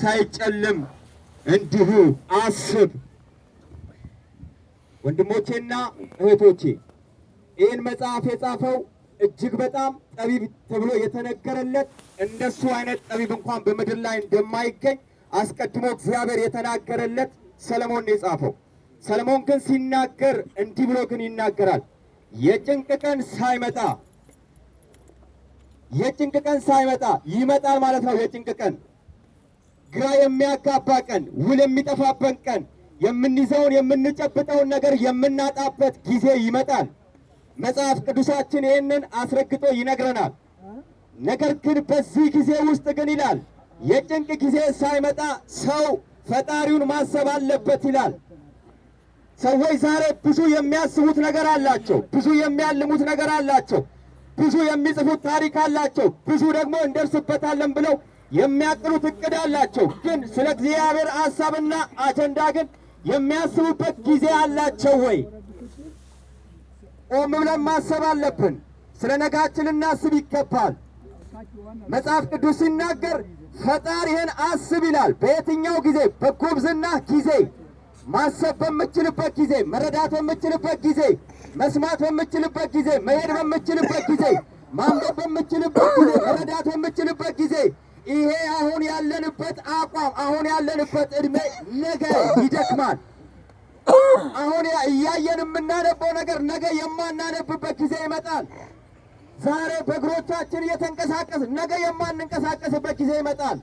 ሳይጨልም እንዲሁ አስብ። ወንድሞቼና እህቶቼ ይህን መጽሐፍ የጻፈው እጅግ በጣም ጠቢብ ተብሎ የተነገረለት እንደሱ አይነት ጠቢብ እንኳን በምድር ላይ እንደማይገኝ አስቀድሞ እግዚአብሔር የተናገረለት ሰለሞን ነው የጻፈው። ሰለሞን ግን ሲናገር እንዲህ ብሎ ግን ይናገራል። የጭንቅ ቀን ሳይመጣ የጭንቅ ቀን ሳይመጣ ይመጣል ማለት ነው። የጭንቅ ቀን ግራ የሚያጋባ ቀን፣ ውል የሚጠፋበት ቀን፣ የምንይዘውን የምንጨብጠውን ነገር የምናጣበት ጊዜ ይመጣል። መጽሐፍ ቅዱሳችን ይህንን አስረግጦ ይነግረናል። ነገር ግን በዚህ ጊዜ ውስጥ ግን ይላል የጭንቅ ጊዜ ሳይመጣ ሰው ፈጣሪውን ማሰብ አለበት ይላል። ሰዎች ዛሬ ብዙ የሚያስቡት ነገር አላቸው፣ ብዙ የሚያልሙት ነገር አላቸው፣ ብዙ የሚጽፉት ታሪክ አላቸው፣ ብዙ ደግሞ እንደርስበታለን ብለው የሚያቅዱት እቅድ አላቸው፣ ግን ስለ እግዚአብሔር ሐሳብና አጀንዳ ግን የሚያስቡበት ጊዜ አላቸው ወይ? ቆም ብለን ማሰብ አለብን። ስለ ነጋችን ልናስብ ይገባል። መጽሐፍ ቅዱስ ሲናገር ፈጣሪህን አስብ ይላል። በየትኛው ጊዜ? በጉብዝና ጊዜ፣ ማሰብ በምችልበት ጊዜ፣ መረዳት በምችልበት ጊዜ፣ መስማት በምችልበት ጊዜ፣ መሄድ በምችልበት ጊዜ፣ ማንበብ በምችልበት ጊዜ፣ መረዳት በምችልበት ጊዜ ይሄ አሁን ያለንበት አቋም አሁን ያለንበት እድሜ ነገ ይደክማል። አሁን እያየን የምናነበው ነገር ነገ የማናነብበት ጊዜ ይመጣል። ዛሬ በእግሮቻችን እየተንቀሳቀስ ነገ የማንንቀሳቀስበት ጊዜ ይመጣል።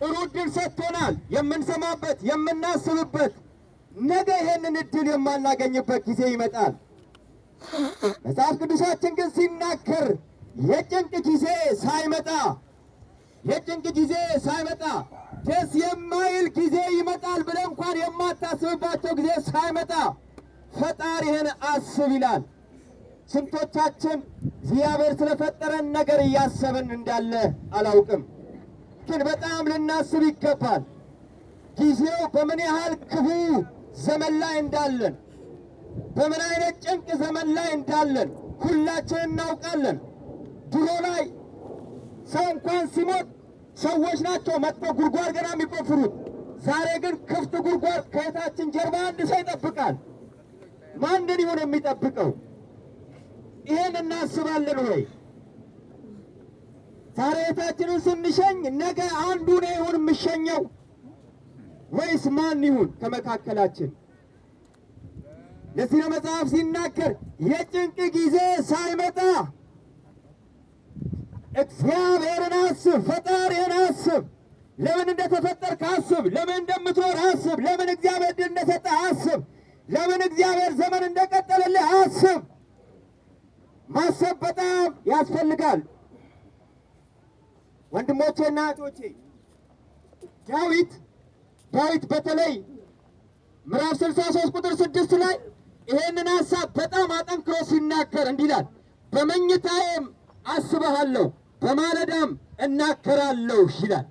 ጥሩ እድል ሰጥቶናል፣ የምንሰማበት የምናስብበት። ነገ ይሄንን እድል የማናገኝበት ጊዜ ይመጣል። መጽሐፍ ቅዱሳችን ግን ሲናገር የጭንቅ ጊዜ ሳይመጣ የጭንቅ ጊዜ ሳይመጣ ደስ የማይል ጊዜ ይመጣል ብለ እንኳን የማታስብባቸው ጊዜ ሳይመጣ ፈጣሪህን አስብ ይላል። ስንቶቻችን እግዚአብሔር ስለፈጠረን ነገር እያሰብን እንዳለ አላውቅም፣ ግን በጣም ልናስብ ይገባል። ጊዜው በምን ያህል ክፉ ዘመን ላይ እንዳለን፣ በምን አይነት ጭንቅ ዘመን ላይ እንዳለን ሁላችን እናውቃለን። ድሮ ላይ ሰው እንኳን ሲሞት ሰዎች ናቸው መጥተው ጉድጓድ ገና የሚቆፍሩት። ዛሬ ግን ክፍት ጉድጓድ ከየታችን ጀርባ አንድ ሰው ይጠብቃል። ማንን ይሆን የሚጠብቀው? ይህን እናስባለን ወይ? ዛሬ የታችንን ስንሸኝ ነገ አንዱ ነው ይሁን የምሸኘው ወይስ ማን ይሁን ከመካከላችን? ለዚህ ነው መጽሐፍ ሲናገር የጭንቅ ጊዜ ሳይመጣ እግዚአብሔርን አስብ፣ ፈጣሪን አስብ። ለምን እንደተፈጠርክ አስብ። ለምን እንደምትኖር አስብ። ለምን እግዚአብሔር ድል እንደሰጠ አስብ። ለምን እግዚአብሔር ዘመን እንደቀጠለልህ አስብ። ማሰብ በጣም ያስፈልጋል። ወንድሞቼና እህቶቼ ዳዊት ዳዊት በተለይ ምዕራፍ 63 ቁጥር 6 ላይ ይሄንን ሐሳብ በጣም አጠንክሮ ሲናገር እንዲህ በመኝታዬም አስበሃለሁ፣ በማለዳም እናከራለሁ ይላል።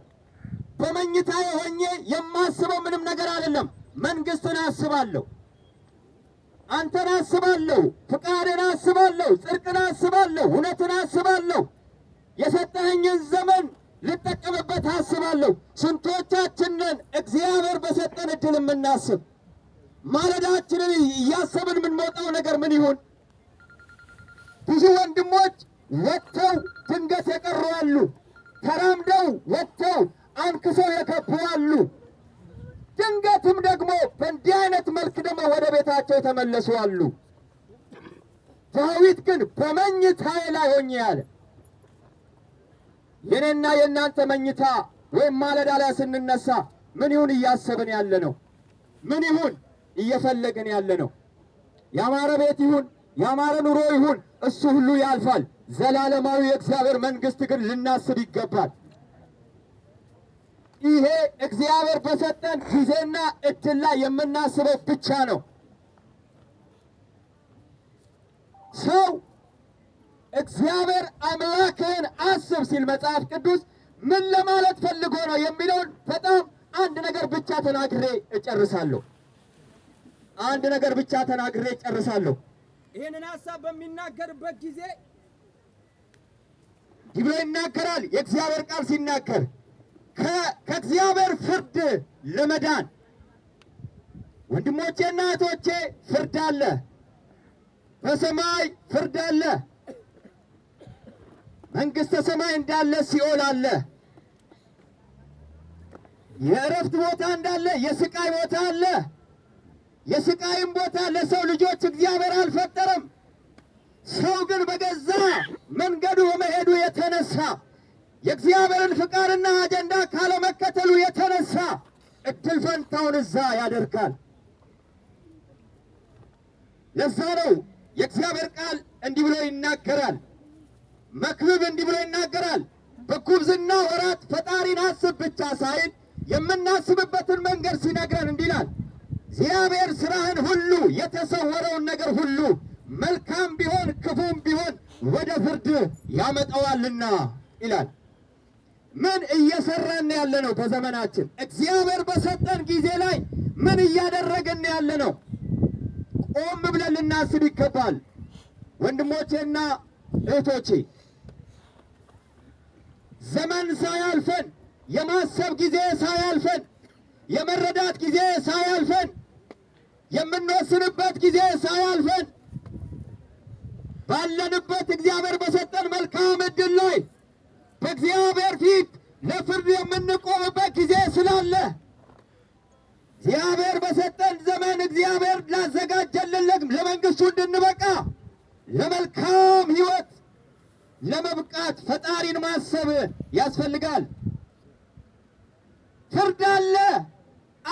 በመኝታ የሆኜ የማስበው ምንም ነገር አይደለም። መንግስትን አስባለሁ፣ አንተን አስባለሁ፣ ፍቃድን አስባለሁ፣ ጽድቅን አስባለሁ፣ እውነትን አስባለሁ፣ የሰጠኸኝን ዘመን ልጠቀምበት አስባለሁ። ስንቶቻችንን እግዚአብሔር በሰጠን እድል የምናስብ ማለዳችንን እያሰብን የምንወጣው ነገር ምን ይሁን? ብዙ ወንድሞች ወጥተው ድንገት የቀሩ አሉ። ተራምደው ወጥተው አንክሰው የከቡ አሉ። ድንገትም ደግሞ በእንዲህ አይነት መልክ ደግሞ ወደ ቤታቸው የተመለሱ አሉ። ዳዊት ግን በመኝታዬ ላይ ሆኜ ያለ የኔና የእናንተ መኝታ ወይም ማለዳ ላይ ስንነሳ ምን ይሁን እያሰብን ያለ ነው? ምን ይሁን እየፈለግን ያለ ነው? ያማረ ቤት ይሁን፣ ያማረ ኑሮ ይሁን፣ እሱ ሁሉ ያልፋል። ዘላለማዊ የእግዚአብሔር መንግስት ግን ልናስብ ይገባል። ይሄ እግዚአብሔር በሰጠን ጊዜና እድል ላይ የምናስበው ብቻ ነው። ሰው እግዚአብሔር አምላክህን አስብ ሲል መጽሐፍ ቅዱስ ምን ለማለት ፈልጎ ነው የሚለውን በጣም አንድ ነገር ብቻ ተናግሬ እጨርሳለሁ። አንድ ነገር ብቻ ተናግሬ እጨርሳለሁ። ይህንን ሀሳብ በሚናገርበት ጊዜ ብሎ ይናገራል። የእግዚአብሔር ቃል ሲናገር ከእግዚአብሔር ፍርድ ለመዳን ወንድሞቼና እህቶቼ ፍርድ አለ። በሰማይ ፍርድ አለ። መንግሥተ ሰማይ እንዳለ ሲኦል አለ። የእረፍት ቦታ እንዳለ የስቃይ ቦታ አለ። የስቃይም ቦታ ለሰው ልጆች እግዚአብሔር አልፈጠረም። ሰው ግን በገዛ መንገዱ በመሄዱ የተነሳ የእግዚአብሔርን ፍቃድና አጀንዳ ካለመከተሉ የተነሳ እድል ፈንታውን እዛ ያደርጋል። ለዛ ነው የእግዚአብሔር ቃል እንዲህ ብሎ ይናገራል። መክብብ እንዲህ ብሎ ይናገራል። በጉብዝና ወራት ፈጣሪን አስብ ብቻ ሳይል የምናስብበትን መንገድ ሲነግረን እንዲላል እግዚአብሔር ስራህን ሁሉ የተሰወረውን ነገር ሁሉ መልካም ቢሆን ክፉም ቢሆን ወደ ፍርድ ያመጣዋልና ይላል። ምን እየሰራን ያለ ነው? በዘመናችን እግዚአብሔር በሰጠን ጊዜ ላይ ምን እያደረግን ያለ ነው? ቆም ብለን ልናስብ ይገባል። ወንድሞቼና እህቶቼ ዘመን ሳያልፈን የማሰብ ጊዜ ሳያልፈን የመረዳት ጊዜ ሳያልፈን የምንወስንበት ጊዜ ሳያልፈን ባለንበት እግዚአብሔር በሰጠን መልካም እድል ላይ በእግዚአብሔር ፊት ለፍርድ የምንቆምበት ጊዜ ስላለ እግዚአብሔር በሰጠን ዘመን እግዚአብሔር ላዘጋጀልን ለመንግስቱ እንድንበቃ ለመልካም ህይወት ለመብቃት ፈጣሪን ማሰብ ያስፈልጋል። ፍርድ አለ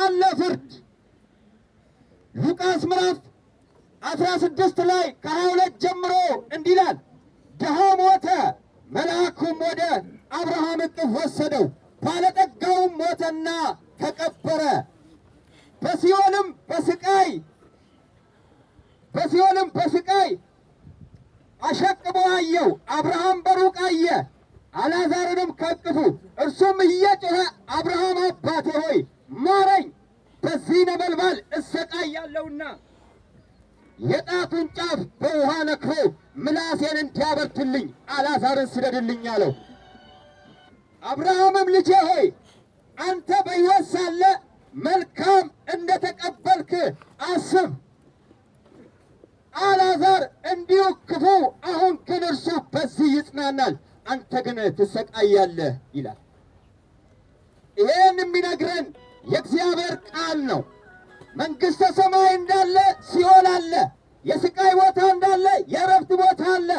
አለ ፍርድ ሉቃስ ምዕራፍ አስራ ስድስት ላይ ከሀያ ሁለት ጀምሮ እንዲላል ይላል ድሃ ሞተ፣ መልአኩም ወደ አብርሃም እቅፍ ወሰደው፣ ባለጠጋውም ሞተና ተቀበረ። በሲኦልም በስቃይ በሲኦልም በስቃይ አሸቅቦ አየው። አብርሃም በሩቅ አየ፣ አላዛርንም ከእቅፉ። እርሱም እየጮኸ አብርሃም አባቴ ሆይ ማረኝ፣ በዚህ ነበልባል እሰቃያለሁና የጣቱን ጫፍ በውሃ ነክሮ ምላሴን እንዲያበርትልኝ አላዛርን ስደድልኝ አለው። አብርሃምም ልጄ ሆይ አንተ በሕይወት ሳለ መልካም እንደ ተቀበልክ አስብ፣ አላዛር እንዲሁ ክፉ፣ አሁን ግን እርሱ በዚህ ይጽናናል፣ አንተ ግን ትሰቃያለህ ይላል። ይሄን የሚነግረን የእግዚአብሔር ቃል ነው። መንግሥተ ሰማይ እንዳለ ሲኦል አለ። የስቃይ ቦታ እንዳለ የእረፍት ቦታ አለ።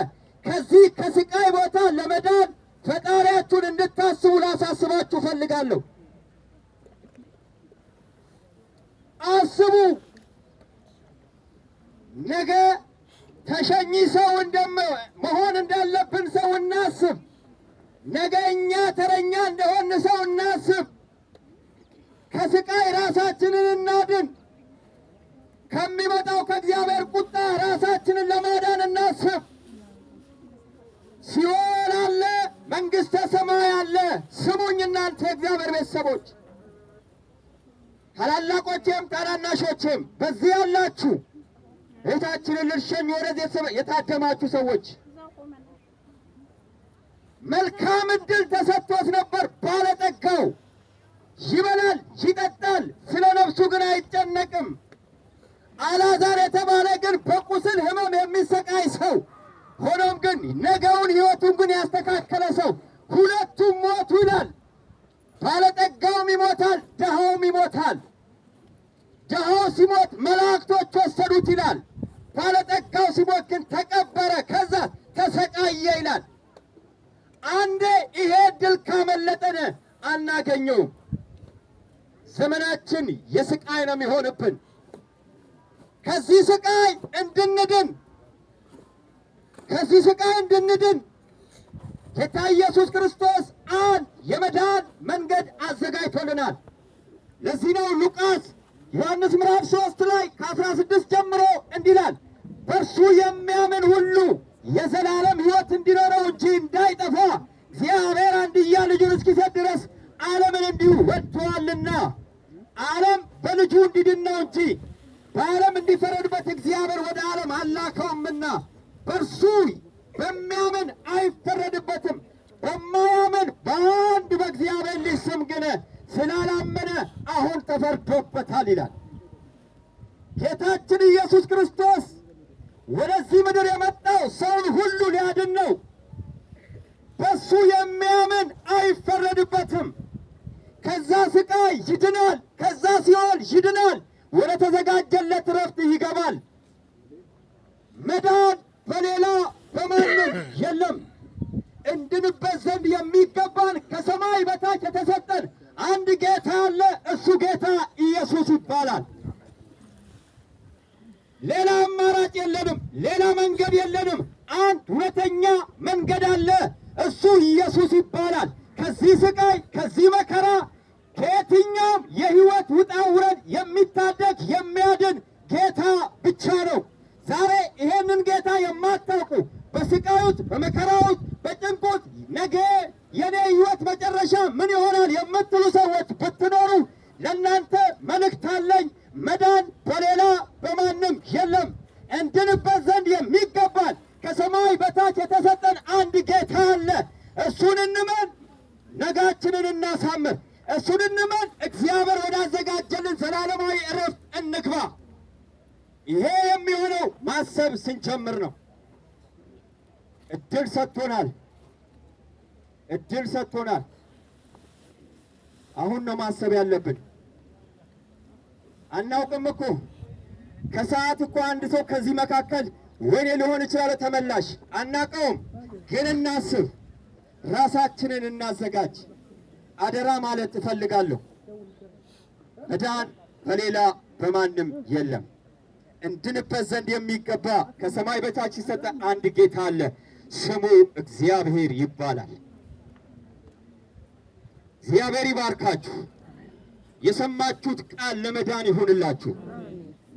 ከዚህ ከስቃይ ቦታ ለመዳን ፈጣሪያችሁን እንድታስቡ ላሳስባችሁ ፈልጋለሁ። አስቡ። ነገ ተሸኚ ሰው መሆን እንዳለብን ሰው እናስብ። ነገ እኛ ተረኛ እንደሆን ሰው እናስብ። ከስቃይ ራሳችንን እና ከሚመጣው ከእግዚአብሔር ቁጣ ራሳችንን ለማዳን እናስብ። ሲኦል አለ፣ መንግሥተ ሰማይ አለ። ስሙኝ እናንተ የእግዚአብሔር ቤተሰቦች፣ ታላላቆቼም ታናናሾቼም፣ በዚህ ያላችሁ ቤታችንን ልሸኝ ወረዝ የታደማችሁ ሰዎች መልካም እድል ተሰጥቶት ነበር። ባለጠጋው ይበላል ይጠጣል፣ ስለ ነፍሱ ግን አይጨነቅም። አላዛር የተባለ ግን በቁስል ህመም የሚሰቃይ ሰው ሆኖም ግን ነገውን ህይወቱን ግን ያስተካከለ ሰው ሁለቱም ሞቱ ይላል። ባለጠጋውም ይሞታል፣ ድሃውም ይሞታል። ድሃው ሲሞት መላእክቶች ወሰዱት ይላል። ባለጠጋው ሲሞት ግን ተቀበረ፣ ከዛ ተሰቃየ ይላል። አንዴ ይሄ ድል ካመለጠን አናገኘውም። ዘመናችን የስቃይ ነው የሚሆንብን። ከዚህ ስቃይ እንድንድን ከዚህ ስቃይ እንድንድን ጌታ ኢየሱስ ክርስቶስ አንድ የመዳን መንገድ አዘጋጅቶልናል። ለዚህ ነው ሉቃስ ዮሐንስ ምዕራፍ ሶስት ላይ ከአስራ ስድስት ጀምሮ እንዲላል በእርሱ የሚያምን ሁሉ የዘላለም ሕይወት እንዲኖረው እንጂ እንዳይጠፋ እግዚአብሔር አንድያ ልጁን እስኪሰጥ ድረስ ዓለምን እንዲሁ ወድቶአልና ዓለም በልጁ እንዲድን ነው እንጂ ከዓለም እንዲፈረድበት እግዚአብሔር ወደ ዓለም አላከውምና በእርሱ በሚያምን አይፈረድበትም። በማያምን በአንድ በእግዚአብሔር ልጅ ስም ግን ስላላመነ አሁን ተፈርዶበታል ይላል። ጌታችን ኢየሱስ ክርስቶስ ወደዚህ ምድር የመጣው ሰውን ሁሉ ሊያድን ነው። በሱ የሚያምን አይፈረድበትም። ከዛ ስቃይ ይድናል፣ ከዛ ሲኦል ይድናል። ወደ ተዘጋጀ መንገድ አለ። እሱ ኢየሱስ ይባላል። ከዚህ ስቃይ፣ ከዚህ መከራ፣ ከየትኛውም የህይወት ውጣ ውረድ የሚታደግ የሚያድን ጌታ ብቻ ነው። ዛሬ ይሄንን ጌታ የማታውቁ በስቃዩት፣ በመከራዎት፣ በጭንቁት ነገ የኔ ህይወት መጨረሻ ምን ይሆናል የምትሉ ሰዎች ብትኖሩ ለእናንተ መልእክት አለኝ። መዳን በሌላ በማንም የለም እንድን ከሰማይ በታች የተሰጠን አንድ ጌታ አለ። እሱን እንመን፣ ነጋችንን እናሳምር። እሱን እንመን፣ እግዚአብሔር ወዳዘጋጀልን ዘላለማዊ እረፍት እንግባ። ይሄ የሚሆነው ማሰብ ስንጀምር ነው። እድል ሰጥቶናል። እድል ሰጥቶናል። አሁን ነው ማሰብ ያለብን። አናውቅም እኮ ከሰዓት እኮ አንድ ሰው ከዚህ መካከል ወይኔ ሊሆን ይችላል ተመላሽ አናቀውም፣ ግን እናስብ፣ ራሳችንን እናዘጋጅ። አደራ ማለት እፈልጋለሁ። መዳን በሌላ በማንም የለም። እንድንበት ዘንድ የሚገባ ከሰማይ በታች ይሰጠ አንድ ጌታ አለ፣ ስሙ እግዚአብሔር ይባላል። እግዚአብሔር ይባርካችሁ። የሰማችሁት ቃል ለመዳን ይሁንላችሁ።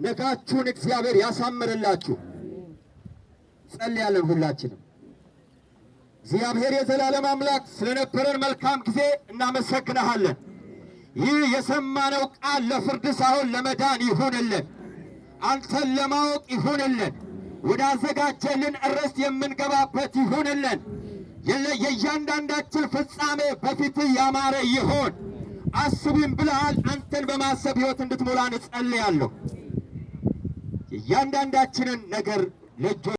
ነጋችሁን እግዚአብሔር ያሳምርላችሁ። ጸልያለን። ሁላችንም እግዚአብሔር የዘላለም አምላክ ስለነበረን መልካም ጊዜ እናመሰግናሃለን። ይህ የሰማነው ቃል ለፍርድ ሳይሆን ለመዳን ይሁንልን፣ አንተን ለማወቅ ይሁንልን፣ ወዳዘጋጀልን እርስት የምንገባበት ይሁንልን። የእያንዳንዳችን ፍጻሜ በፊትህ ያማረ ይሆን። አስቢን ብለሃል። አንተን በማሰብ ሕይወት እንድትሞላ እንጸልያለሁ። እያንዳንዳችንን ነገር ለጆ